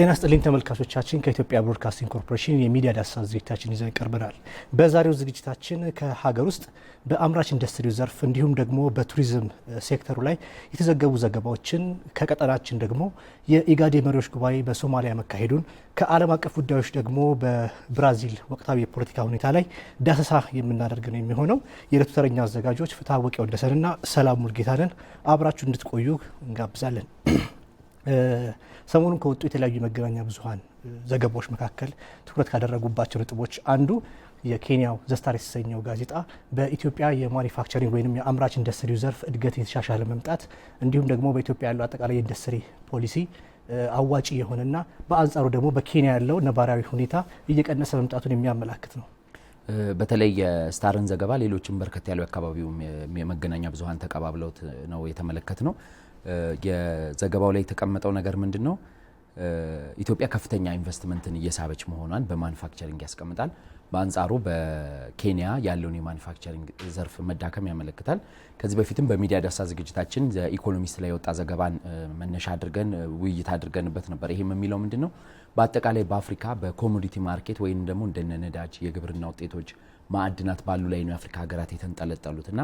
ጤና ስጥልኝ ተመልካቾቻችን፣ ከኢትዮጵያ ብሮድካስቲንግ ኮርፖሬሽን የሚዲያ ዳሰሳ ዝግጅታችን ይዘን ቀርበናል። በዛሬው ዝግጅታችን ከሀገር ውስጥ በአምራች ኢንዱስትሪው ዘርፍ እንዲሁም ደግሞ በቱሪዝም ሴክተሩ ላይ የተዘገቡ ዘገባዎችን ከቀጠናችን ደግሞ የኢጋድ መሪዎች ጉባኤ በሶማሊያ መካሄዱን ከዓለም አቀፍ ጉዳዮች ደግሞ በብራዚል ወቅታዊ የፖለቲካ ሁኔታ ላይ ዳሰሳ የምናደርግ ነው የሚሆነው። የዕለቱ ተረኛ አዘጋጆች ፍትሐ ወቂያው እንደሰንና ሰላም ሙልጌታንን አብራችሁ እንድትቆዩ እንጋብዛለን። ሰሞኑን ከወጡ የተለያዩ የመገናኛ ብዙሀን ዘገባዎች መካከል ትኩረት ካደረጉባቸው ነጥቦች አንዱ የኬንያው ዘስታር የተሰኘው ጋዜጣ በኢትዮጵያ የማኒፋክቸሪንግ ወይም የአምራች ኢንዱስትሪው ዘርፍ እድገት የተሻሻለ መምጣት እንዲሁም ደግሞ በኢትዮጵያ ያለው አጠቃላይ የኢንዱስትሪ ፖሊሲ አዋጪ የሆነና በአንጻሩ ደግሞ በኬንያ ያለው ነባራዊ ሁኔታ እየቀነሰ መምጣቱን የሚያመላክት ነው። በተለይ የስታርን ዘገባ ሌሎችም በርከት ያሉ የአካባቢው የመገናኛ ብዙሀን ተቀባብለውት ነው የተመለከት ነው። የዘገባው ላይ የተቀመጠው ነገር ምንድን ነው? ኢትዮጵያ ከፍተኛ ኢንቨስትመንትን እየሳበች መሆኗን በማኑፋክቸሪንግ ያስቀምጣል። በአንጻሩ በኬንያ ያለውን የማኑፋክቸሪንግ ዘርፍ መዳከም ያመለክታል። ከዚህ በፊትም በሚዲያ ዳሰሳ ዝግጅታችን ኢኮኖሚስት ላይ የወጣ ዘገባን መነሻ አድርገን ውይይት አድርገንበት ነበር። ይህም የሚለው ምንድን ነው? በአጠቃላይ በአፍሪካ በኮሞዲቲ ማርኬት ወይም ደግሞ እንደነ ነዳጅ፣ የግብርና ውጤቶች፣ ማዕድናት ባሉ ላይ ነው የአፍሪካ ሀገራት የተንጠለጠሉት እና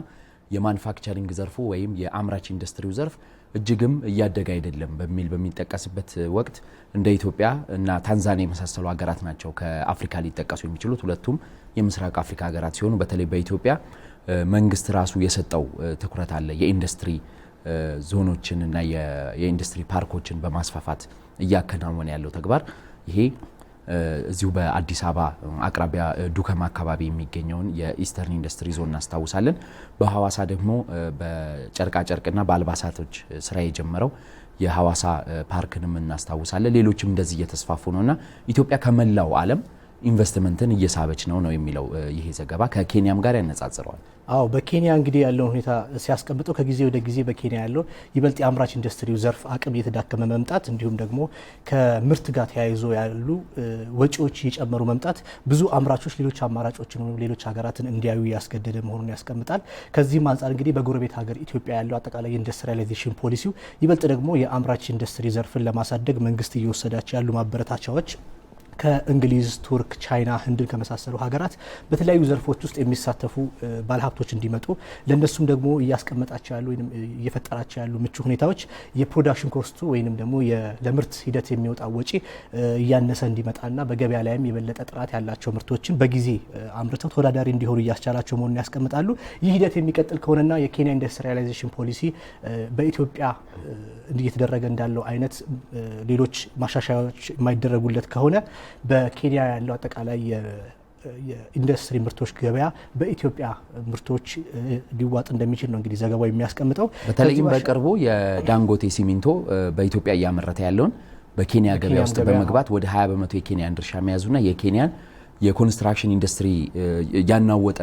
የማኑፋክቸሪንግ ዘርፉ ወይም የአምራች ኢንዱስትሪው ዘርፍ እጅግም እያደገ አይደለም በሚል በሚጠቀስበት ወቅት እንደ ኢትዮጵያ እና ታንዛኒያ የመሳሰሉ ሀገራት ናቸው ከአፍሪካ ሊጠቀሱ የሚችሉት። ሁለቱም የምስራቅ አፍሪካ ሀገራት ሲሆኑ በተለይ በኢትዮጵያ መንግስት ራሱ የሰጠው ትኩረት አለ። የኢንዱስትሪ ዞኖችን እና የኢንዱስትሪ ፓርኮችን በማስፋፋት እያከናወነ ያለው ተግባር ይሄ እዚሁ በአዲስ አበባ አቅራቢያ ዱከም አካባቢ የሚገኘውን የኢስተርን ኢንዱስትሪ ዞን እናስታውሳለን። በሐዋሳ ደግሞ በጨርቃጨርቅና በአልባሳቶች ስራ የጀመረው የሐዋሳ ፓርክንም እናስታውሳለን። ሌሎችም እንደዚህ እየተስፋፉ ነውና ኢትዮጵያ ከመላው ዓለም ኢንቨስትመንትን እየሳበች ነው ነው የሚለው ይሄ ዘገባ ከኬንያም ጋር ያነጻጽረዋል። አዎ በኬንያ እንግዲህ ያለውን ሁኔታ ሲያስቀምጠው ከጊዜ ወደ ጊዜ በኬንያ ያለው ይበልጥ የአምራች ኢንዱስትሪው ዘርፍ አቅም እየተዳከመ መምጣት እንዲሁም ደግሞ ከምርት ጋር ተያይዞ ያሉ ወጪዎች እየጨመሩ መምጣት ብዙ አምራቾች ሌሎች አማራጮችን ወይም ሌሎች ሀገራትን እንዲያዩ ያስገደደ መሆኑን ያስቀምጣል። ከዚህም አንጻር እንግዲህ በጎረቤት ሀገር ኢትዮጵያ ያለው አጠቃላይ ኢንዱስትሪያላይዜሽን ፖሊሲው ይበልጥ ደግሞ የአምራች ኢንዱስትሪ ዘርፍን ለማሳደግ መንግስት እየወሰዳቸው ያሉ ማበረታቻዎች ከእንግሊዝ፣ ቱርክ፣ ቻይና፣ ህንድን ከመሳሰሉ ሀገራት በተለያዩ ዘርፎች ውስጥ የሚሳተፉ ባለሀብቶች እንዲመጡ ለእነሱም ደግሞ እያስቀመጣቸው ያሉ ወይም እየፈጠራቸው ያሉ ምቹ ሁኔታዎች የፕሮዳክሽን ኮስቱ ወይንም ደግሞ ለምርት ሂደት የሚወጣ ወጪ እያነሰ እንዲመጣና በገበያ ላይም የበለጠ ጥራት ያላቸው ምርቶችን በጊዜ አምርተው ተወዳዳሪ እንዲሆኑ እያስቻላቸው መሆኑን ያስቀምጣሉ። ይህ ሂደት የሚቀጥል ከሆነና የኬንያ ኢንዱስትሪያላይዜሽን ፖሊሲ በኢትዮጵያ እየተደረገ እንዳለው አይነት ሌሎች ማሻሻያዎች የማይደረጉለት ከሆነ በኬንያ ያለው አጠቃላይ የኢንዱስትሪ ምርቶች ገበያ በኢትዮጵያ ምርቶች ሊዋጥ እንደሚችል ነው እንግዲህ ዘገባው የሚያስቀምጠው። በተለይም በቅርቡ የዳንጎቴ ሲሚንቶ በኢትዮጵያ እያመረተ ያለውን በኬንያ ገበያ ውስጥ በመግባት ወደ 20 በመቶ የኬንያን ድርሻ መያዙና የኬንያን የኮንስትራክሽን ኢንዱስትሪ ያናወጠ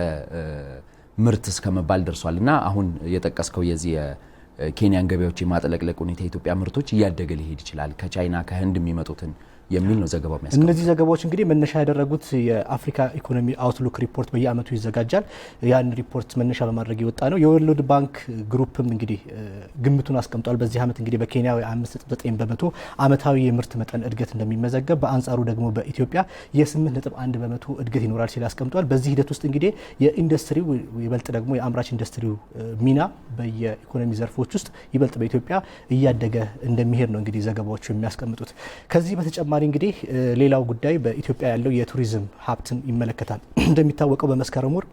ምርት እስከመባል ደርሷል እና አሁን የጠቀስከው የዚህ የኬንያን ገበያዎች የማጥለቅለቅ ሁኔታ የኢትዮጵያ ምርቶች እያደገ ሊሄድ ይችላል ከቻይና ከህንድ የሚመጡትን የሚል ነው ዘገባው እነዚህ ዘገባዎች እንግዲህ መነሻ ያደረጉት የአፍሪካ ኢኮኖሚ አውትሉክ ሪፖርት በየአመቱ ይዘጋጃል። ያን ሪፖርት መነሻ በማድረግ የወጣ ነው። የወርልድ ባንክ ግሩፕም እንግዲህ ግምቱን አስቀምጧል። በዚህ አመት እንግዲህ በኬንያ 5.9 በመቶ አመታዊ የምርት መጠን እድገት እንደሚመዘገብ፣ በአንጻሩ ደግሞ በኢትዮጵያ የ8.1 በመቶ እድገት ይኖራል ሲል አስቀምጧል። በዚህ ሂደት ውስጥ እንግዲህ የኢንዱስትሪው ይበልጥ ደግሞ የአምራች ኢንዱስትሪው ሚና በየኢኮኖሚ ዘርፎች ውስጥ ይበልጥ በኢትዮጵያ እያደገ እንደሚሄድ ነው እንግዲህ ዘገባዎቹ የሚያስቀምጡት ከዚህ በተጨማሪ በተጨማሪ እንግዲህ ሌላው ጉዳይ በኢትዮጵያ ያለው የቱሪዝም ሀብትን ይመለከታል። እንደሚታወቀው በመስከረም ወር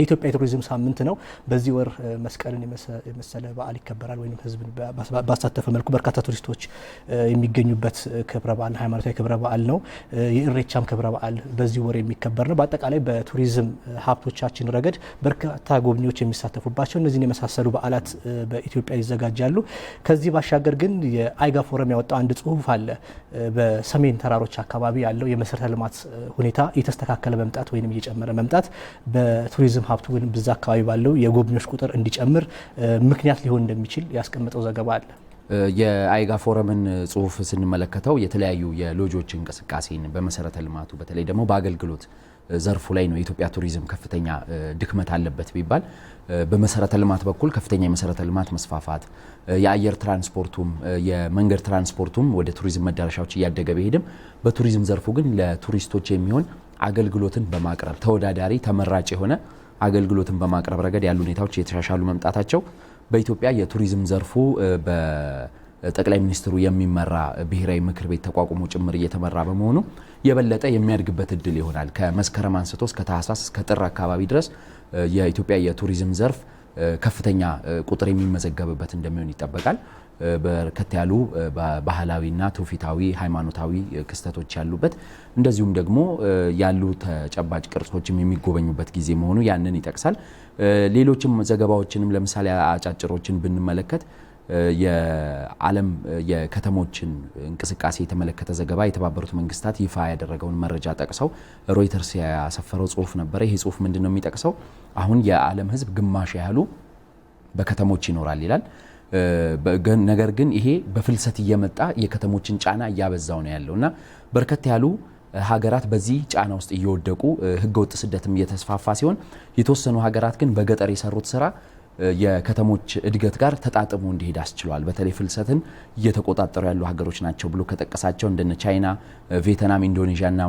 የኢትዮጵያ የቱሪዝም ሳምንት ነው። በዚህ ወር መስቀልን የመሰለ በዓል ይከበራል ወይም ህዝብን ባሳተፈ መልኩ በርካታ ቱሪስቶች የሚገኙበት ክብረ በዓል ሃይማኖታዊ ክብረ በዓል ነው። የእሬቻም ክብረ በዓል በዚህ ወር የሚከበር ነው። በአጠቃላይ በቱሪዝም ሀብቶቻችን ረገድ በርካታ ጎብኚዎች የሚሳተፉባቸው እነዚህን የመሳሰሉ በዓላት በኢትዮጵያ ይዘጋጃሉ። ከዚህ ባሻገር ግን የአይጋ ፎረም ያወጣው አንድ ጽሁፍ አለ። በሰሜን ተራሮች አካባቢ ያለው የመሰረተ ልማት ሁኔታ እየተስተካከለ መምጣት ወይም እየጨመረ መምጣት በቱሪዝም ሀብቱ ግን በዛ አካባቢ ባለው የጎብኚዎች ቁጥር እንዲጨምር ምክንያት ሊሆን እንደሚችል ያስቀመጠው ዘገባ አለ። የአይጋ ፎረምን ጽሁፍ ስንመለከተው የተለያዩ የሎጆች እንቅስቃሴን በመሰረተ ልማቱ በተለይ ደግሞ በአገልግሎት ዘርፉ ላይ ነው የኢትዮጵያ ቱሪዝም ከፍተኛ ድክመት አለበት ቢባል በመሰረተ ልማት በኩል ከፍተኛ የመሰረተ ልማት መስፋፋት፣ የአየር ትራንስፖርቱም የመንገድ ትራንስፖርቱም ወደ ቱሪዝም መዳረሻዎች እያደገ ቢሄድም በቱሪዝም ዘርፉ ግን ለቱሪስቶች የሚሆን አገልግሎትን በማቅረብ ተወዳዳሪ ተመራጭ የሆነ አገልግሎትን በማቅረብ ረገድ ያሉ ሁኔታዎች የተሻሻሉ መምጣታቸው በኢትዮጵያ የቱሪዝም ዘርፉ በጠቅላይ ሚኒስትሩ የሚመራ ብሔራዊ ምክር ቤት ተቋቁሞ ጭምር እየተመራ በመሆኑ የበለጠ የሚያድግበት እድል ይሆናል። ከመስከረም አንስቶ እስከ ታህሳስ እስከ ጥር አካባቢ ድረስ የኢትዮጵያ የቱሪዝም ዘርፍ ከፍተኛ ቁጥር የሚመዘገብበት እንደሚሆን ይጠበቃል። በርከት ያሉ ባህላዊና ትውፊታዊ ሃይማኖታዊ ክስተቶች ያሉበት እንደዚሁም ደግሞ ያሉ ተጨባጭ ቅርሶችም የሚጎበኙበት ጊዜ መሆኑ ያንን ይጠቅሳል። ሌሎችም ዘገባዎችንም ለምሳሌ አጫጭሮችን ብንመለከት የዓለም የከተሞችን እንቅስቃሴ የተመለከተ ዘገባ የተባበሩት መንግስታት ይፋ ያደረገውን መረጃ ጠቅሰው ሮይተርስ ያሰፈረው ጽሁፍ ነበረ። ይሄ ጽሁፍ ምንድን ነው የሚጠቅሰው? አሁን የዓለም ህዝብ ግማሽ ያህሉ በከተሞች ይኖራል ይላል። ነገር ግን ይሄ በፍልሰት እየመጣ የከተሞችን ጫና እያበዛው ነው ያለው እና በርከት ያሉ ሀገራት በዚህ ጫና ውስጥ እየወደቁ ህገወጥ ስደትም እየተስፋፋ ሲሆን የተወሰኑ ሀገራት ግን በገጠር የሰሩት ስራ የከተሞች እድገት ጋር ተጣጥሞ እንዲሄድ አስችሏል። በተለይ ፍልሰትን እየተቆጣጠሩ ያሉ ሀገሮች ናቸው ብሎ ከጠቀሳቸው እንደነ ቻይና፣ ቬትናም፣ ኢንዶኔዥያ እና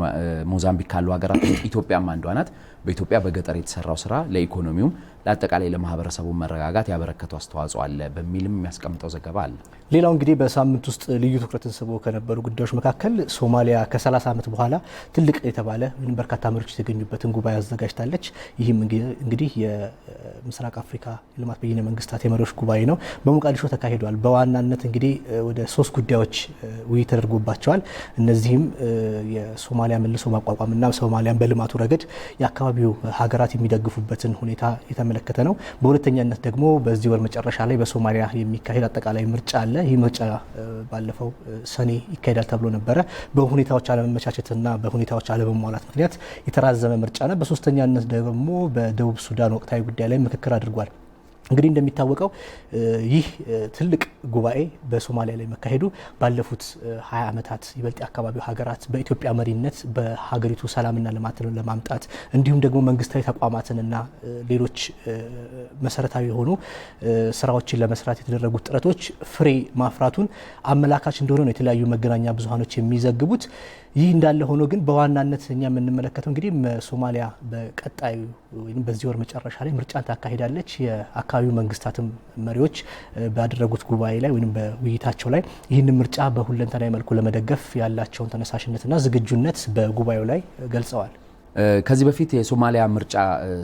ሞዛምቢክ ካሉ ሀገራት ኢትዮጵያም አንዷ ናት። በኢትዮጵያ በገጠር የተሰራው ስራ ለኢኮኖሚውም ለአጠቃላይ ለማህበረሰቡ መረጋጋት ያበረከቱ አስተዋጽኦ አለ በሚልም የሚያስቀምጠው ዘገባ አለ። ሌላው እንግዲህ በሳምንት ውስጥ ልዩ ትኩረትን ስቦ ከነበሩ ጉዳዮች መካከል ሶማሊያ ከ30 ዓመት በኋላ ትልቅ የተባለ ምንም በርካታ መሪዎች የተገኙበትን ጉባኤ አዘጋጅታለች። ይህም እንግዲህ የምስራቅ አፍሪካ ልማት በይነ መንግስታት የመሪዎች ጉባኤ ነው። በሞቃዲሾ ተካሂዷል። በዋናነት እንግዲህ ወደ ሶስት ጉዳዮች ውይይት ተደርጎባቸዋል። እነዚህም የሶማሊያ መልሶ ማቋቋምና ሶማሊያን በልማቱ ረገድ የአካባቢ አካባቢው ሀገራት የሚደግፉበትን ሁኔታ የተመለከተ ነው። በሁለተኛነት ደግሞ በዚህ ወር መጨረሻ ላይ በሶማሊያ የሚካሄድ አጠቃላይ ምርጫ አለ። ይህ ምርጫ ባለፈው ሰኔ ይካሄዳል ተብሎ ነበረ። በሁኔታዎች አለመመቻቸትና በሁኔታዎች አለመሟላት ምክንያት የተራዘመ ምርጫ ነው። በሶስተኛነት ደግሞ በደቡብ ሱዳን ወቅታዊ ጉዳይ ላይ ምክክር አድርጓል። እንግዲህ እንደሚታወቀው ይህ ትልቅ ጉባኤ በሶማሊያ ላይ መካሄዱ ባለፉት ሀያ ዓመታት ይበልጥ አካባቢው ሀገራት በኢትዮጵያ መሪነት በሀገሪቱ ሰላምና ልማትን ለማምጣት እንዲሁም ደግሞ መንግስታዊ ተቋማትንና ሌሎች መሰረታዊ የሆኑ ስራዎችን ለመስራት የተደረጉት ጥረቶች ፍሬ ማፍራቱን አመላካች እንደሆነ ነው የተለያዩ መገናኛ ብዙሀኖች የሚዘግቡት። ይህ እንዳለ ሆኖ ግን በዋናነት እኛ የምንመለከተው እንግዲህ ሶማሊያ በቀጣዩ ወይም በዚህ ወር መጨረሻ ላይ ምርጫን ታካሂዳለች። የአካባቢው መንግስታትም መሪዎች ባደረጉት ጉባኤ ላይ ወይም በውይይታቸው ላይ ይህንን ምርጫ በሁለንተናዊ መልኩ ለመደገፍ ያላቸውን ተነሳሽነትና ዝግጁነት በጉባኤው ላይ ገልጸዋል። ከዚህ በፊት የሶማሊያ ምርጫ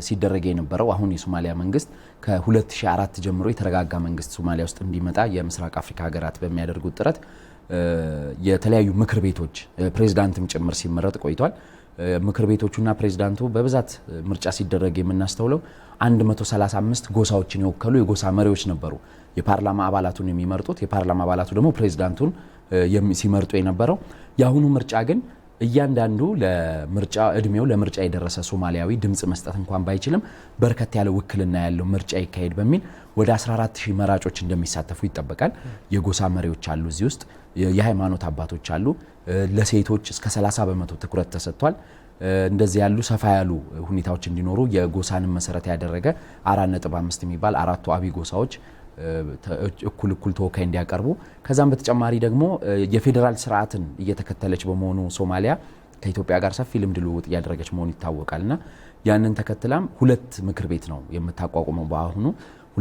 ሲደረግ የነበረው አሁን የሶማሊያ መንግስት ከ2004 ጀምሮ የተረጋጋ መንግስት ሶማሊያ ውስጥ እንዲመጣ የምስራቅ አፍሪካ ሀገራት በሚያደርጉት ጥረት የተለያዩ ምክር ቤቶች ፕሬዝዳንትም ጭምር ሲመረጥ ቆይቷል። ምክር ቤቶቹና ፕሬዝዳንቱ በብዛት ምርጫ ሲደረግ የምናስተውለው 135 ጎሳዎችን የወከሉ የጎሳ መሪዎች ነበሩ የፓርላማ አባላቱን የሚመርጡት። የፓርላማ አባላቱ ደግሞ ፕሬዚዳንቱን ሲመርጡ የነበረው። የአሁኑ ምርጫ ግን እያንዳንዱ ለምርጫ እድሜው ለምርጫ የደረሰ ሶማሊያዊ ድምፅ መስጠት እንኳን ባይችልም በርከት ያለ ውክልና ያለው ምርጫ ይካሄድ በሚል ወደ 14 መራጮች እንደሚሳተፉ ይጠበቃል። የጎሳ መሪዎች አሉ፣ እዚህ ውስጥ የሃይማኖት አባቶች አሉ። ለሴቶች እስከ 30 በመቶ ትኩረት ተሰጥቷል። እንደዚህ ያሉ ሰፋ ያሉ ሁኔታዎች እንዲኖሩ የጎሳንን መሰረት ያደረገ አራት ነጥብ አምስት የሚባል አራቱ አቢ ጎሳዎች እኩል እኩል ተወካይ እንዲያቀርቡ ከዛም በተጨማሪ ደግሞ የፌዴራል ስርዓትን እየተከተለች በመሆኑ ሶማሊያ ከኢትዮጵያ ጋር ሰፊ ልምድ ልውውጥ እያደረገች መሆኑ ይታወቃል እና ያንን ተከትላም ሁለት ምክር ቤት ነው የምታቋቁመው። በአሁኑ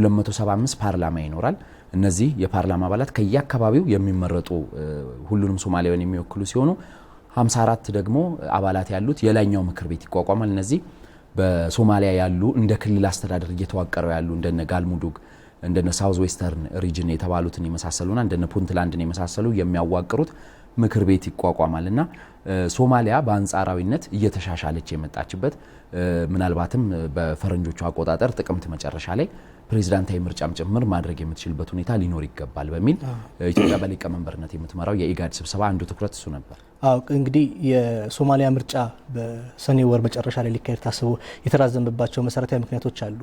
275 ፓርላማ ይኖራል። እነዚህ የፓርላማ አባላት ከየአካባቢው የሚመረጡ ሁሉንም ሶማሊያውያን የሚወክሉ ሲሆኑ 54 ደግሞ አባላት ያሉት የላይኛው ምክር ቤት ይቋቋማል። እነዚህ በሶማሊያ ያሉ እንደ ክልል አስተዳደር እየተዋቀረው ያሉ እንደነ ጋልሙዱግ እንደነ ሳውዝ ዌስተርን ሪጅን የተባሉትን የመሳሰሉና እንደነ ፑንትላንድን የመሳሰሉ የሚያዋቅሩት ምክር ቤት ይቋቋማል እና ሶማሊያ በአንጻራዊነት እየተሻሻለች የመጣችበት ምናልባትም በፈረንጆቹ አቆጣጠር ጥቅምት መጨረሻ ላይ ፕሬዚዳንታዊ ምርጫም ጭምር ማድረግ የምትችልበት ሁኔታ ሊኖር ይገባል በሚል ኢትዮጵያ በሊቀመንበርነት የምትመራው የኢጋድ ስብሰባ አንዱ ትኩረት እሱ ነበር። እንግዲህ የሶማሊያ ምርጫ በሰኔ ወር መጨረሻ ላይ ሊካሄድ ታስቦ የተራዘመባቸው መሰረታዊ ምክንያቶች አሉ።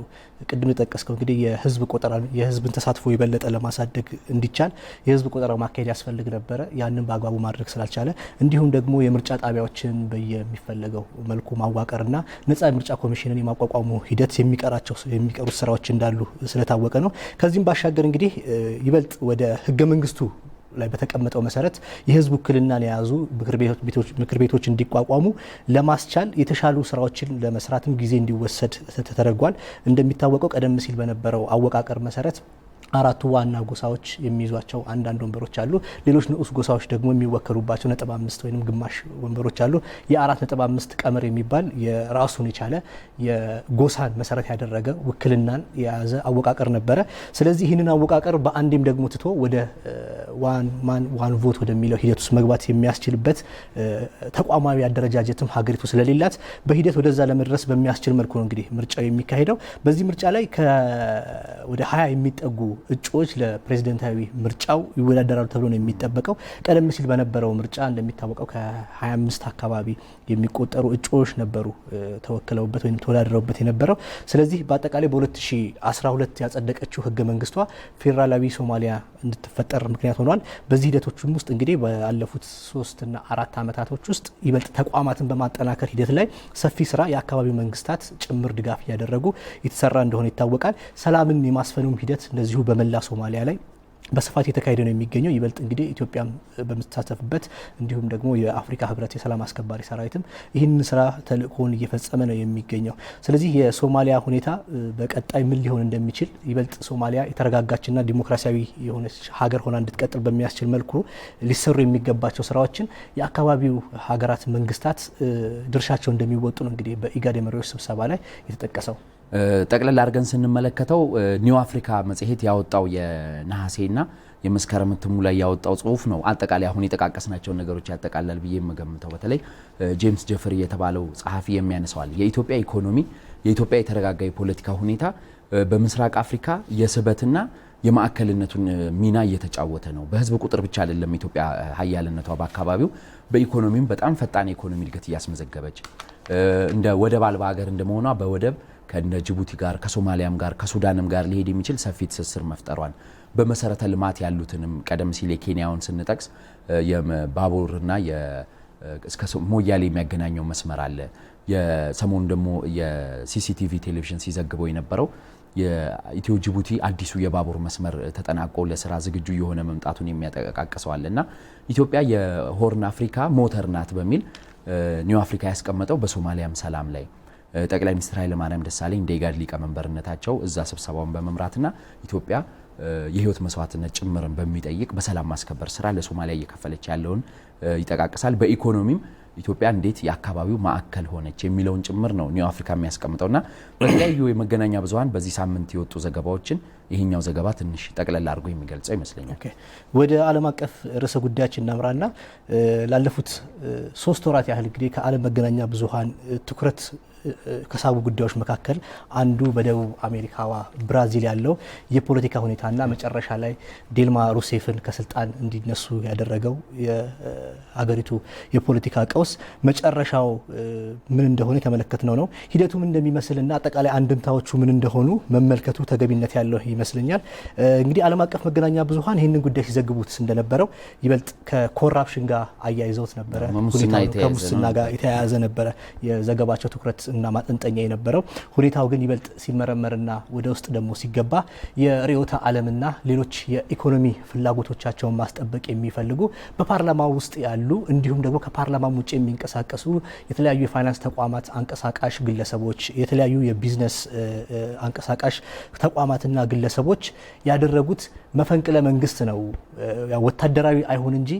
ቅድም የጠቀስከው እንግዲህ የህዝብ ቆጠራ የህዝብን ተሳትፎ የበለጠ ለማሳደግ እንዲቻል የህዝብ ቆጠራ ማካሄድ ያስፈልግ ነበረ። ያንን በአግባቡ ማድረግ ስላልቻለ፣ እንዲሁም ደግሞ የምርጫ ጣቢያዎችን በየሚፈለገው መልኩ ማዋቀርና ነጻ የምርጫ ኮሚሽንን የማቋቋሙ ሂደት የሚቀራቸው የሚቀሩት ስራዎች እንዳሉ ስለታወቀ ነው። ከዚህም ባሻገር እንግዲህ ይበልጥ ወደ ህገ መንግስቱ ላይ በተቀመጠው መሰረት የህዝብ ውክልና የያዙ ምክር ቤቶች እንዲቋቋሙ ለማስቻል የተሻሉ ስራዎችን ለመስራትም ጊዜ እንዲወሰድ ተደርጓል። እንደሚታወቀው ቀደም ሲል በነበረው አወቃቀር መሰረት አራቱ ዋና ጎሳዎች የሚይዟቸው አንዳንድ ወንበሮች አሉ። ሌሎች ንዑስ ጎሳዎች ደግሞ የሚወከሉባቸው ነጥብ አምስት ወይም ግማሽ ወንበሮች አሉ። የአራት ነጥብ አምስት ቀመር የሚባል የራሱን የቻለ የጎሳን መሰረት ያደረገ ውክልናን የያዘ አወቃቀር ነበረ። ስለዚህ ይህንን አወቃቀር በአንዴም ደግሞ ትቶ ወደ ዋን ማን ዋን ቮት ወደሚለው ሂደት ውስጥ መግባት የሚያስችልበት ተቋማዊ አደረጃጀትም ሀገሪቱ ስለሌላት በሂደት ወደዛ ለመድረስ በሚያስችል መልኩ ነው እንግዲህ ምርጫው የሚካሄደው። በዚህ ምርጫ ላይ ወደ ሀያ የሚጠጉ እጩዎች ለፕሬዝደንታዊ ምርጫው ይወዳደራሉ ተብሎ ነው የሚጠበቀው። ቀደም ሲል በነበረው ምርጫ እንደሚታወቀው ከ25 አካባቢ የሚቆጠሩ እጩዎች ነበሩ ተወክለውበት ወይም ተወዳድረውበት የነበረው። ስለዚህ በአጠቃላይ በ2012 ያጸደቀችው ህገ መንግስቷ ፌዴራላዊ ሶማሊያ እንድትፈጠር ምክንያት ሆኗል። በዚህ ሂደቶችም ውስጥ እንግዲህ ባለፉት ሶስትና አራት አመታቶች ውስጥ ይበልጥ ተቋማትን በማጠናከር ሂደት ላይ ሰፊ ስራ የአካባቢው መንግስታት ጭምር ድጋፍ እያደረጉ የተሰራ እንደሆነ ይታወቃል። ሰላምን የማስፈኑም ሂደት እንደዚሁ በመላ ሶማሊያ ላይ በስፋት የተካሄደ ነው የሚገኘው። ይበልጥ እንግዲህ ኢትዮጵያም በምትሳተፍበት እንዲሁም ደግሞ የአፍሪካ ህብረት የሰላም አስከባሪ ሰራዊትም ይህንን ስራ ተልእኮውን እየፈጸመ ነው የሚገኘው። ስለዚህ የሶማሊያ ሁኔታ በቀጣይ ምን ሊሆን እንደሚችል ይበልጥ ሶማሊያ የተረጋጋችና ዲሞክራሲያዊ የሆነች ሀገር ሆና እንድትቀጥል በሚያስችል መልኩ ሊሰሩ የሚገባቸው ስራዎችን የአካባቢው ሀገራት መንግስታት ድርሻቸው እንደሚወጡ ነው እንግዲህ በኢጋድ የመሪዎች ስብሰባ ላይ የተጠቀሰው። ጠቅለል አድርገን ስንመለከተው ኒው አፍሪካ መጽሔት ያወጣው የነሐሴና የመስከረም እትሙ ላይ ያወጣው ጽሁፍ ነው። አጠቃላይ አሁን የጠቃቀስናቸውን ነገሮች ያጠቃላል ብዬ የምገምተው በተለይ ጄምስ ጀፍሪ የተባለው ጸሐፊ የሚያነሳዋል የኢትዮጵያ ኢኮኖሚ፣ የኢትዮጵያ የተረጋጋ የፖለቲካ ሁኔታ በምስራቅ አፍሪካ የስበትና የማዕከልነቱን ሚና እየተጫወተ ነው። በህዝብ ቁጥር ብቻ አይደለም ኢትዮጵያ ሀያልነቷ በአካባቢው በኢኮኖሚም በጣም ፈጣን የኢኮኖሚ እድገት እያስመዘገበች እንደ ወደብ አልባ ሀገር እንደመሆኗ በወደብ ከነ ጅቡቲ ጋር ከሶማሊያም ጋር ከሱዳንም ጋር ሊሄድ የሚችል ሰፊ ትስስር መፍጠሯን በመሰረተ ልማት ያሉትንም ቀደም ሲል የኬንያውን ስንጠቅስ የባቡርና እስከ ሞያሌ የሚያገናኘው መስመር አለ። የሰሞኑ ደግሞ የሲሲቲቪ ቴሌቪዥን ሲዘግበው የነበረው የኢትዮ ጅቡቲ አዲሱ የባቡር መስመር ተጠናቆ ለስራ ዝግጁ የሆነ መምጣቱን የሚያጠቃቅሰዋል እና ኢትዮጵያ የሆርን አፍሪካ ሞተር ናት በሚል ኒው አፍሪካ ያስቀመጠው በሶማሊያም ሰላም ላይ ጠቅላይ ሚኒስትር ኃይለማርያም ደሳለኝ እንደ ሊቀመንበርነታቸው እዛ ስብሰባውን በመምራትና ኢትዮጵያ የህይወት መስዋዕትነት ጭምርን በሚጠይቅ በሰላም ማስከበር ስራ ለሶማሊያ እየከፈለች ያለውን ይጠቃቅሳል። በኢኮኖሚም ኢትዮጵያ እንዴት የአካባቢው ማዕከል ሆነች የሚለውን ጭምር ነው ኒው አፍሪካ እና በተለያዩ የመገናኛ ብዙሀን በዚህ ሳምንት የወጡ ዘገባዎችን ይህኛው ዘገባ ትንሽ ጠቅለል አድርጎ የሚገልጸው ይመስለኛል። ወደ ዓለም አቀፍ ርዕሰ ጉዳያችን እናምራና ላለፉት ሶስት ወራት ያህል እንግዲህ ከዓለም መገናኛ ብዙሀን ትኩረት ከሳቡ ጉዳዮች መካከል አንዱ በደቡብ አሜሪካዋ ብራዚል ያለው የፖለቲካ ሁኔታና መጨረሻ ላይ ዴልማ ሩሴፍን ከስልጣን እንዲነሱ ያደረገው የሀገሪቱ የፖለቲካ ቀውስ መጨረሻው ምን እንደሆነ የተመለከትነው ነው። ሂደቱ ምን እንደሚመስልና አጠቃላይ አንድምታዎቹ ምን እንደሆኑ መመልከቱ ተገቢነት ያለው ይመስለኛል። እንግዲህ ዓለም አቀፍ መገናኛ ብዙኃን ይህንን ጉዳይ ሲዘግቡት እንደነበረው ይበልጥ ከኮራፕሽን ጋር አያይዘውት ነበረ። ሁኔታ ከሙስና ጋር የተያያዘ ነበረ የዘገባቸው ትኩረት እና ማጠንጠኛ የነበረው ሁኔታው ግን ይበልጥ ሲመረመርና ወደ ውስጥ ደግሞ ሲገባ የርዕዮተ ዓለምና ሌሎች የኢኮኖሚ ፍላጎቶቻቸውን ማስጠበቅ የሚፈልጉ በፓርላማ ውስጥ ያሉ እንዲሁም ደግሞ ከፓርላማም ውጭ የሚንቀሳቀሱ የተለያዩ የፋይናንስ ተቋማት አንቀሳቃሽ ግለሰቦች፣ የተለያዩ የቢዝነስ አንቀሳቃሽ ተቋማትና ግለሰቦች ያደረጉት መፈንቅለ መንግስት ነው። ወታደራዊ አይሆን እንጂ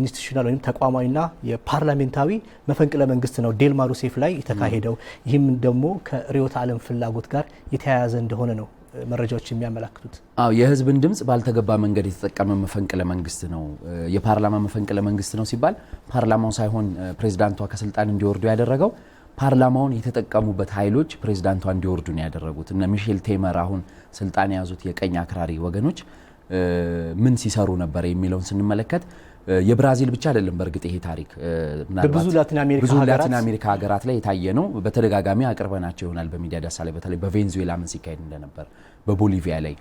ኢንስቲቱሽናል ወይም ተቋማዊና የፓርላሜንታዊ መፈንቅለ መንግስት ነው ዴልማ ሩሴፍ ላይ የተካሄደው። ይህም ደግሞ ከርዕዮተ ዓለም ፍላጎት ጋር የተያያዘ እንደሆነ ነው መረጃዎች የሚያመላክቱት። አዎ የህዝብን ድምጽ ባልተገባ መንገድ የተጠቀመ መፈንቅለ መንግስት ነው፣ የፓርላማ መፈንቅለ መንግስት ነው ሲባል ፓርላማው ሳይሆን ፕሬዚዳንቷ ከስልጣን እንዲወርዱ ያደረገው ፓርላማውን የተጠቀሙበት ኃይሎች ፕሬዚዳንቷ እንዲወርዱ ነው ያደረጉት። እነ ሚሼል ቴመር አሁን ስልጣን የያዙት የቀኝ አክራሪ ወገኖች ምን ሲሰሩ ነበር የሚለውን ስንመለከት የብራዚል ብቻ አይደለም። በእርግጥ ይሄ ታሪክ ብዙ ላቲን አሜሪካ ሀገራት ላይ የታየ ነው። በተደጋጋሚ አቅርበናቸው ይሆናል በሚዲያ ዳሳ ላይ በተለይ በቬንዙዌላ ምን ሲካሄድ እንደነበር፣ በቦሊቪያ ላይ፣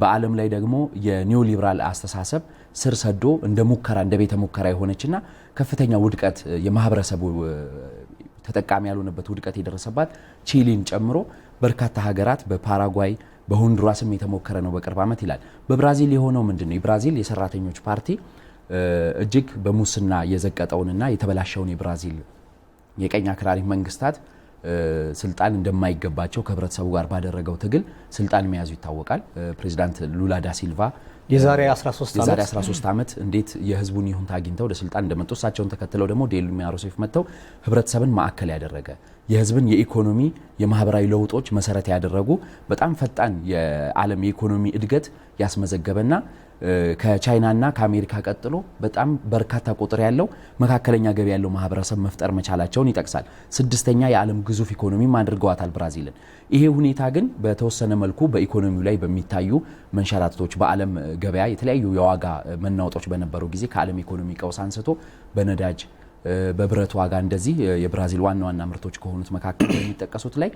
በዓለም ላይ ደግሞ የኒዮ ሊብራል አስተሳሰብ ስር ሰዶ እንደ ሙከራ እንደ ቤተ ሙከራ የሆነችና ከፍተኛ ውድቀት የማህበረሰቡ ተጠቃሚ ያልሆነበት ውድቀት የደረሰባት ቺሊን ጨምሮ በርካታ ሀገራት በፓራጓይ በሆንዱራስም የተሞከረ ነው በቅርብ ዓመት ይላል። በብራዚል የሆነው ምንድን ነው? የብራዚል የሰራተኞች ፓርቲ እጅግ በሙስና የዘቀጠውንና የተበላሸውን የብራዚል የቀኝ አክራሪ መንግስታት ስልጣን እንደማይገባቸው ከህብረተሰቡ ጋር ባደረገው ትግል ስልጣን መያዙ ይታወቃል። ፕሬዚዳንት ሉላ ዳ ሲልቫ የዛሬ 13 ዓመት እንዴት የህዝቡን ይሁንታ አግኝተው ወደ ስልጣን እንደመጡ እሳቸውን ተከትለው ደግሞ dilma rousseff መጥተው ህብረተሰብን ማዕከል ያደረገ የህዝብን የኢኮኖሚ የማህበራዊ ለውጦች መሰረት ያደረጉ በጣም ፈጣን የዓለም የኢኮኖሚ እድገት ያስመዘገበና ከቻይናና ከአሜሪካ ቀጥሎ በጣም በርካታ ቁጥር ያለው መካከለኛ ገቢ ያለው ማህበረሰብ መፍጠር መቻላቸውን ይጠቅሳል። ስድስተኛ የዓለም ግዙፍ ኢኮኖሚም አድርገዋታል ብራዚልን። ይሄ ሁኔታ ግን በተወሰነ መልኩ በኢኮኖሚው ላይ በሚታዩ መንሸራተቶች፣ በዓለም ገበያ የተለያዩ የዋጋ መናወጦች በነበረው ጊዜ ከዓለም ኢኮኖሚ ቀውስ አንስቶ በነዳጅ በብረት ዋጋ እንደዚህ የብራዚል ዋና ዋና ምርቶች ከሆኑት መካከል የሚጠቀሱት ላይ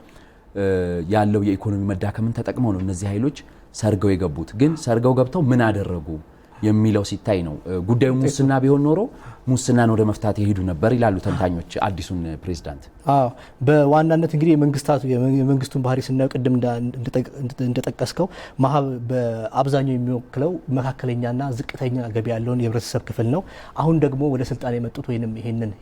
ያለው የኢኮኖሚ መዳከምን ተጠቅመው ነው እነዚህ ኃይሎች ሰርገው የገቡት ግን ሰርገው ገብተው ምን አደረጉ የሚለው ሲታይ ነው። ጉዳዩ ሙስና ቢሆን ኖሮ ሙስናን ወደ መፍታት የሄዱ ነበር ይላሉ ተንታኞች አዲሱን ፕሬዚዳንት። በዋናነት እንግዲህ የመንግስታቱ የመንግስቱን ባህሪ ስናየው ቅድም እንደጠቀስከው መሀብ በአብዛኛው የሚወክለው መካከለኛና ዝቅተኛ ገቢ ያለውን የህብረተሰብ ክፍል ነው። አሁን ደግሞ ወደ ስልጣን የመጡት ወይም ይሄንን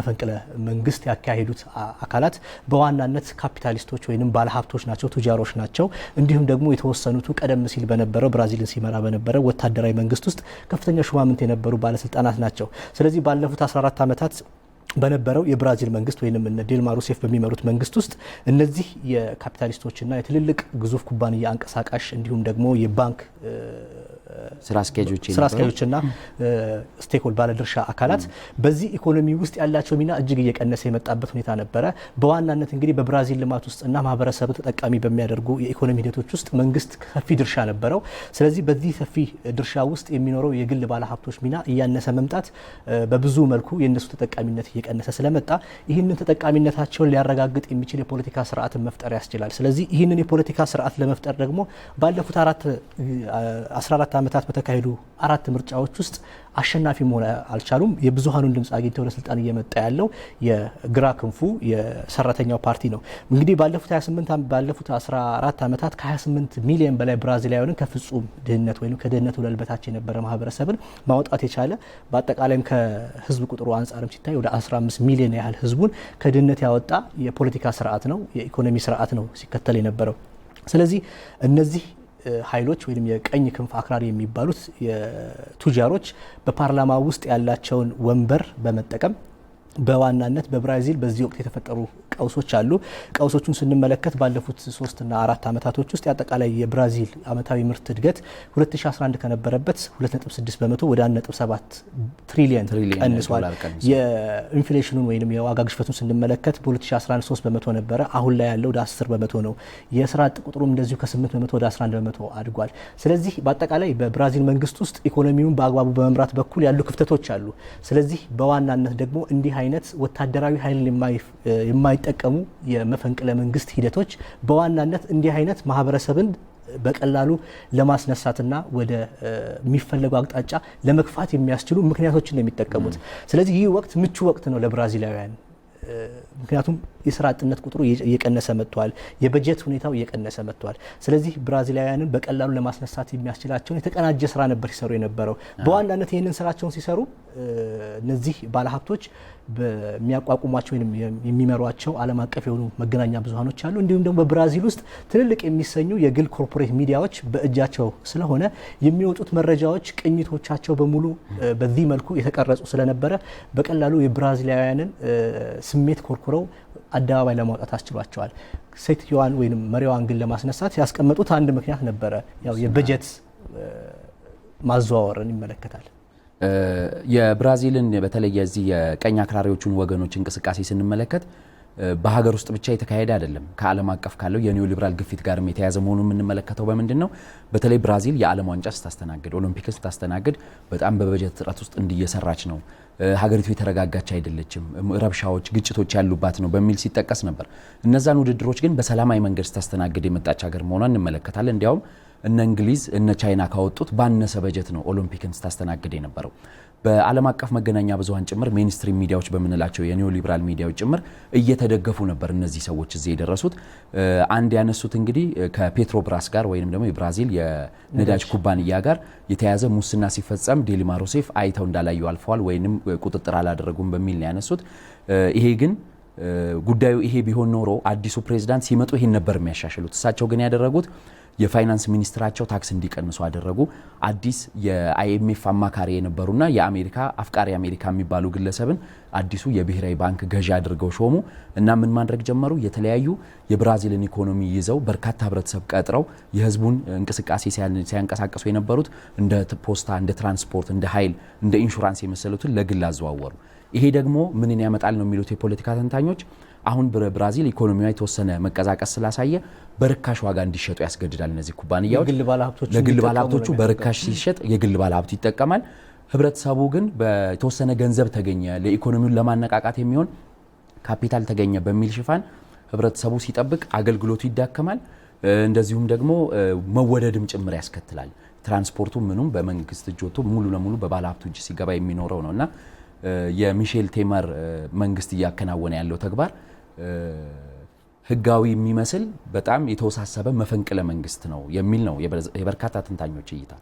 መፈንቅለ መንግስት ያካሄዱት አካላት በዋናነት ካፒታሊስቶች ወይም ባለሀብቶች ናቸው፣ ቱጃሮች ናቸው። እንዲሁም ደግሞ የተወሰኑቱ ቀደም ሲል በነበረው ብራዚልን ሲመራ በነበረው ወታደራ ብሔራዊ መንግስት ውስጥ ከፍተኛ ሹማምንት የነበሩ ባለስልጣናት ናቸው። ስለዚህ ባለፉት 14 ዓመታት በነበረው የብራዚል መንግስት ወይም ዲልማ ሩሴፍ በሚመሩት መንግስት ውስጥ እነዚህ የካፒታሊስቶችና የትልልቅ ግዙፍ ኩባንያ አንቀሳቃሽ እንዲሁም ደግሞ የባንክ ስራ አስኪያጆችና ስቴክሆል ባለድርሻ አካላት በዚህ ኢኮኖሚ ውስጥ ያላቸው ሚና እጅግ እየቀነሰ የመጣበት ሁኔታ ነበረ። በዋናነት እንግዲህ በብራዚል ልማት ውስጥና ማህበረሰብ ተጠቃሚ በሚያደርጉ የኢኮኖሚ ሂደቶች ውስጥ መንግስት ሰፊ ድርሻ ነበረው። ስለዚህ በዚህ ሰፊ ድርሻ ውስጥ የሚኖረው የግል ባለሀብቶች ሚና እያነሰ መምጣት በብዙ መልኩ የእነሱ ተጠቃሚነት እየቀነሰ ስለመጣ ይህንን ተጠቃሚነታቸውን ሊያረጋግጥ የሚችል የፖለቲካ ስርዓትን መፍጠር ያስችላል። ስለዚህ ይህንን የፖለቲካ ስርዓት ለመፍጠር ደግሞ ባለፉት አራት 14 ለበርካታ ዓመታት በተካሄዱ አራት ምርጫዎች ውስጥ አሸናፊ መሆን አልቻሉም። የብዙሀኑን ድምፅ አግኝተው ወደ ስልጣን እየመጣ ያለው የግራ ክንፉ የሰራተኛው ፓርቲ ነው። እንግዲህ ባለፉት 28 ባለፉት 14 ዓመታት ከ28 ሚሊዮን በላይ ብራዚላውያንን ከፍጹም ድህነት ወይም ከድህነት ወለል በታች የነበረ ማህበረሰብን ማውጣት የቻለ በአጠቃላይም ከህዝብ ቁጥሩ አንጻርም ሲታይ ወደ 15 ሚሊዮን ያህል ህዝቡን ከድህነት ያወጣ የፖለቲካ ስርዓት ነው፣ የኢኮኖሚ ስርዓት ነው ሲከተል የነበረው። ስለዚህ እነዚህ ኃይሎች ወይም የቀኝ ክንፍ አክራሪ የሚባሉት ቱጃሮች በፓርላማ ውስጥ ያላቸውን ወንበር በመጠቀም በዋናነት በብራዚል በዚህ ወቅት የተፈጠሩ ቀውሶች አሉ። ቀውሶቹን ስንመለከት ባለፉት ሶስትና አራት ዓመታቶች ውስጥ የአጠቃላይ የብራዚል ዓመታዊ ምርት እድገት 2011 ከነበረበት 2.6 በመቶ ወደ 1.7 ትሪሊየን ቀንሷል። የኢንፍሌሽኑን ወይም የዋጋ ግሽበቱን ስንመለከት በ 2013 በመቶ ነበረ። አሁን ላይ ያለው ወደ 10 በመቶ ነው። የስራ አጥ ቁጥሩም እንደዚሁ ከ8 በመቶ ወደ 11 በመቶ አድጓል። ስለዚህ በአጠቃላይ በብራዚል መንግስት ውስጥ ኢኮኖሚውን በአግባቡ በመምራት በኩል ያሉ ክፍተቶች አሉ። ስለዚህ በዋናነት ደግሞ እንዲህ አይነት ወታደራዊ ኃይልን የማይጠቀሙ የመፈንቅለ መንግስት ሂደቶች በዋናነት እንዲህ አይነት ማህበረሰብን በቀላሉ ለማስነሳትና ወደ ሚፈለገው አቅጣጫ ለመግፋት የሚያስችሉ ምክንያቶችን ነው የሚጠቀሙት። ስለዚህ ይህ ወቅት ምቹ ወቅት ነው ለብራዚላውያን ምክንያቱም የስራ አጥነት ቁጥሩ እየቀነሰ መጥቷል። የበጀት ሁኔታው እየቀነሰ መጥቷል። ስለዚህ ብራዚላውያንን በቀላሉ ለማስነሳት የሚያስችላቸውን የተቀናጀ ስራ ነበር ሲሰሩ የነበረው። በዋናነት ይህንን ስራቸውን ሲሰሩ እነዚህ ባለሀብቶች በሚያቋቁሟቸው ወይም የሚመሯቸው ዓለም አቀፍ የሆኑ መገናኛ ብዙሀኖች አሉ። እንዲሁም ደግሞ በብራዚል ውስጥ ትልልቅ የሚሰኙ የግል ኮርፖሬት ሚዲያዎች በእጃቸው ስለሆነ የሚወጡት መረጃዎች፣ ቅኝቶቻቸው በሙሉ በዚህ መልኩ የተቀረጹ ስለነበረ በቀላሉ የብራዚላውያንን ስሜት አተኩረው አደባባይ ለማውጣት አስችሏቸዋል። ሴትዮዋን ወይም መሪዋን ግን ለማስነሳት ያስቀመጡት አንድ ምክንያት ነበረ። ያው የበጀት ማዘዋወርን ይመለከታል። የብራዚልን በተለይ የዚህ የቀኝ አክራሪዎቹን ወገኖች እንቅስቃሴ ስንመለከት በሀገር ውስጥ ብቻ የተካሄደ አይደለም። ከዓለም አቀፍ ካለው የኒዮ ሊብራል ግፊት ጋር የተያዘ መሆኑን የምንመለከተው በምንድን ነው? በተለይ ብራዚል የዓለም ዋንጫ ስታስተናግድ፣ ኦሎምፒክን ስታስተናግድ በጣም በበጀት እጥረት ውስጥ እንዲየሰራች ነው ሀገሪቱ የተረጋጋች አይደለችም፣ ረብሻዎች፣ ግጭቶች ያሉባት ነው በሚል ሲጠቀስ ነበር። እነዛን ውድድሮች ግን በሰላማዊ መንገድ ስታስተናግድ የመጣች ሀገር መሆኗን እንመለከታለን። እንዲያውም እነ እንግሊዝ እነ ቻይና ካወጡት ባነሰ በጀት ነው ኦሎምፒክን ስታስተናግድ የነበረው። በዓለም አቀፍ መገናኛ ብዙሃን ጭምር ሜንስትሪም ሚዲያዎች በምንላቸው የኒዮ ሊበራል ሚዲያዎች ጭምር እየተደገፉ ነበር እነዚህ ሰዎች እዚህ የደረሱት። አንድ ያነሱት እንግዲህ ከፔትሮብራስ ጋር ወይም ደግሞ የብራዚል የነዳጅ ኩባንያ ጋር የተያዘ ሙስና ሲፈጸም ዲልማ ሩሴፍ አይተው እንዳላዩ አልፈዋል ወይንም ቁጥጥር አላደረጉም በሚል ነው ያነሱት። ይሄ ግን ጉዳዩ ይሄ ቢሆን ኖሮ አዲሱ ፕሬዚዳንት ሲመጡ ይሄን ነበር የሚያሻሽሉት። እሳቸው ግን ያደረጉት የፋይናንስ ሚኒስትራቸው ታክስ እንዲቀንሱ አደረጉ። አዲስ የአይኤምኤፍ አማካሪ የነበሩና የአሜሪካ አፍቃሪ አሜሪካ የሚባሉ ግለሰብን አዲሱ የብሔራዊ ባንክ ገዢ አድርገው ሾሙ እና ምን ማድረግ ጀመሩ? የተለያዩ የብራዚልን ኢኮኖሚ ይዘው በርካታ ህብረተሰብ ቀጥረው የህዝቡን እንቅስቃሴ ሲያንቀሳቀሱ የነበሩት እንደ ፖስታ፣ እንደ ትራንስፖርት፣ እንደ ኃይል፣ እንደ ኢንሹራንስ የመሰሉትን ለግል አዘዋወሩ። ይሄ ደግሞ ምንን ያመጣል ነው የሚሉት የፖለቲካ ተንታኞች አሁን ብራዚል ኢኮኖሚዋ የተወሰነ መቀዛቀስ ስላሳየ በርካሽ ዋጋ እንዲሸጡ ያስገድዳል። እነዚህ ኩባንያዎች ለግል ባለሀብቶቹ በርካሽ ሲሸጥ የግል ባለሀብቱ ይጠቀማል። ህብረተሰቡ ግን በተወሰነ ገንዘብ ተገኘ፣ ለኢኮኖሚውን ለማነቃቃት የሚሆን ካፒታል ተገኘ በሚል ሽፋን ህብረተሰቡ ሲጠብቅ አገልግሎቱ ይዳከማል። እንደዚሁም ደግሞ መወደድም ጭምር ያስከትላል። ትራንስፖርቱ ምኑም በመንግስት እጅ ወጥቶ ሙሉ ለሙሉ በባለሀብቱ እጅ ሲገባ የሚኖረው ነው እና የሚሼል ቴመር መንግስት እያከናወነ ያለው ተግባር ህጋዊ የሚመስል በጣም የተወሳሰበ መፈንቅለ መንግስት ነው የሚል ነው የበርካታ ትንታኞች እይታ።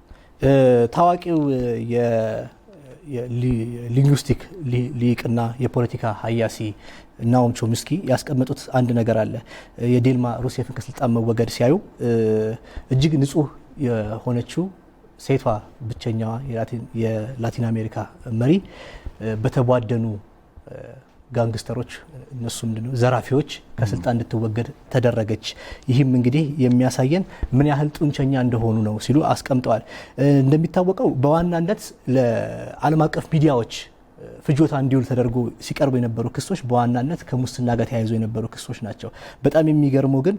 ታዋቂው ሊንጉስቲክ ሊቅና የፖለቲካ ሀያሲ ናኦም ቾምስኪ ያስቀመጡት አንድ ነገር አለ። የዴልማ ሩሴፍን ከስልጣን መወገድ ሲያዩ እጅግ ንጹህ የሆነችው ሴቷ ብቸኛዋ የላቲን አሜሪካ መሪ በተቧደኑ ጋንግስተሮች እነሱ ነው ዘራፊዎች ከስልጣን እንድትወገድ ተደረገች። ይህም እንግዲህ የሚያሳየን ምን ያህል ጡንቸኛ እንደሆኑ ነው ሲሉ አስቀምጠዋል። እንደሚታወቀው በዋናነት ለዓለም አቀፍ ሚዲያዎች ፍጆታ እንዲውል ተደርጎ ሲቀርቡ የነበሩ ክሶች በዋናነት ከሙስና ጋር ተያይዞ የነበሩ ክሶች ናቸው። በጣም የሚገርመው ግን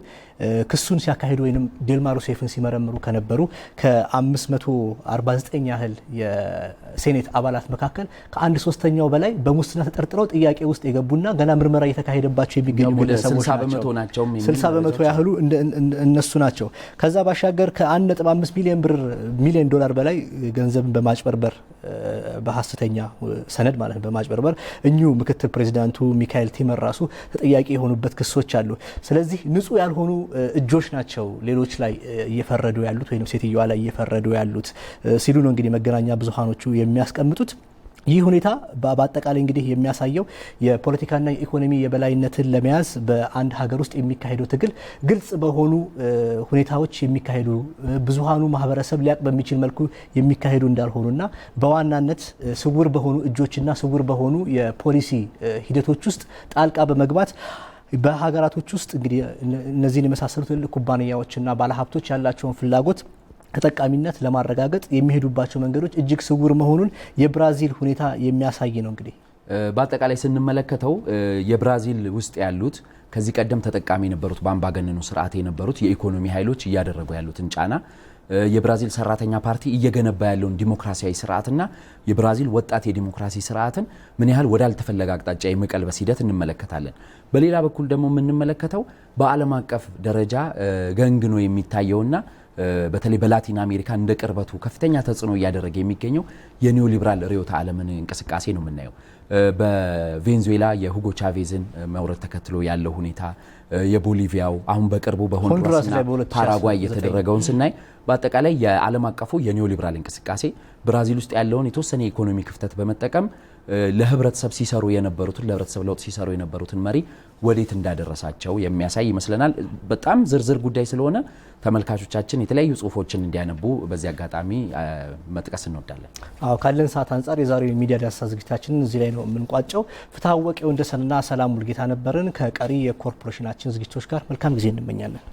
ክሱን ሲያካሂዱ ወይም ዴልማ ሩሴፍን ሲመረምሩ ከነበሩ ከ549 ያህል የሴኔት አባላት መካከል ከአንድ ሶስተኛው በላይ በሙስና ተጠርጥረው ጥያቄ ውስጥ የገቡና ገና ምርመራ እየተካሄደባቸው የሚገኙ ግለሰቦች 60 በመቶ ያህሉ እነሱ ናቸው። ከዛ ባሻገር ከ1.5 ሚሊዮን ብር ሚሊዮን ዶላር በላይ ገንዘብን በማጭበርበር በሀሰተኛ ሰነድ ማለት ተቋማትን በማጭበርበር እኙ ምክትል ፕሬዚዳንቱ ሚካኤል ቲመር ራሱ ተጠያቂ የሆኑበት ክሶች አሉ። ስለዚህ ንጹህ ያልሆኑ እጆች ናቸው ሌሎች ላይ እየፈረዱ ያሉት ወይም ሴትየዋ ላይ እየፈረዱ ያሉት ሲሉ ነው እንግዲህ መገናኛ ብዙሃኖቹ የሚያስቀምጡት። ይህ ሁኔታ በአጠቃላይ እንግዲህ የሚያሳየው የፖለቲካና የኢኮኖሚ የበላይነትን ለመያዝ በአንድ ሀገር ውስጥ የሚካሄደው ትግል ግልጽ በሆኑ ሁኔታዎች የሚካሄዱ ብዙሃኑ ማህበረሰብ ሊያቅ በሚችል መልኩ የሚካሄዱ እንዳልሆኑና በዋናነት ስውር በሆኑ እጆችና ስውር በሆኑ የፖሊሲ ሂደቶች ውስጥ ጣልቃ በመግባት በሀገራቶች ውስጥ እንግዲህ እነዚህን የመሳሰሉት ኩባንያዎችና ባለሀብቶች ያላቸውን ፍላጎት ተጠቃሚነት ለማረጋገጥ የሚሄዱባቸው መንገዶች እጅግ ስውር መሆኑን የብራዚል ሁኔታ የሚያሳይ ነው። እንግዲህ በአጠቃላይ ስንመለከተው የብራዚል ውስጥ ያሉት ከዚህ ቀደም ተጠቃሚ የነበሩት በአምባገነኑ ስርዓት የነበሩት የኢኮኖሚ ኃይሎች እያደረጉ ያሉትን ጫና የብራዚል ሰራተኛ ፓርቲ እየገነባ ያለውን ዲሞክራሲያዊ ስርዓትና የብራዚል ወጣት የዲሞክራሲ ስርዓትን ምን ያህል ወዳልተፈለገ አቅጣጫ የመቀልበስ ሂደት እንመለከታለን። በሌላ በኩል ደግሞ የምንመለከተው በዓለም አቀፍ ደረጃ ገንግኖ የሚታየውና በተለይ በላቲን አሜሪካ እንደ ቅርበቱ ከፍተኛ ተጽዕኖ እያደረገ የሚገኘው የኒዮ ሊብራል ርዕዮተ ዓለምን እንቅስቃሴ ነው የምናየው። በቬንዙዌላ የሁጎ ቻቬዝን መውረድ ተከትሎ ያለው ሁኔታ፣ የቦሊቪያው አሁን በቅርቡ በሆንዱራስና ፓራጓይ ስናይ በአጠቃላይ የዓለም አቀፉ የኒዮ ሊብራል እንቅስቃሴ ብራዚል ውስጥ ያለውን የተወሰነ የኢኮኖሚ ክፍተት በመጠቀም ለህብረተሰብ ሲሰሩ የነበሩትን ለህብረተሰብ ለውጥ ሲሰሩ የነበሩትን መሪ ወዴት እንዳደረሳቸው የሚያሳይ ይመስለናል። በጣም ዝርዝር ጉዳይ ስለሆነ ተመልካቾቻችን የተለያዩ ጽሁፎችን እንዲያነቡ በዚህ አጋጣሚ መጥቀስ እንወዳለን። አዎ ካለን ሰዓት አንጻር የዛሬው የሚዲያ ዳሰሳ ዝግጅታችንን እዚህ ላይ ነው የምንቋጨው። ፍትሐ ወቂ ወንደሰንና ሰላም ሙልጌታ ነበርን። ከቀሪ የኮርፖሬሽናችን ዝግጅቶች ጋር መልካም ጊዜ እንመኛለን።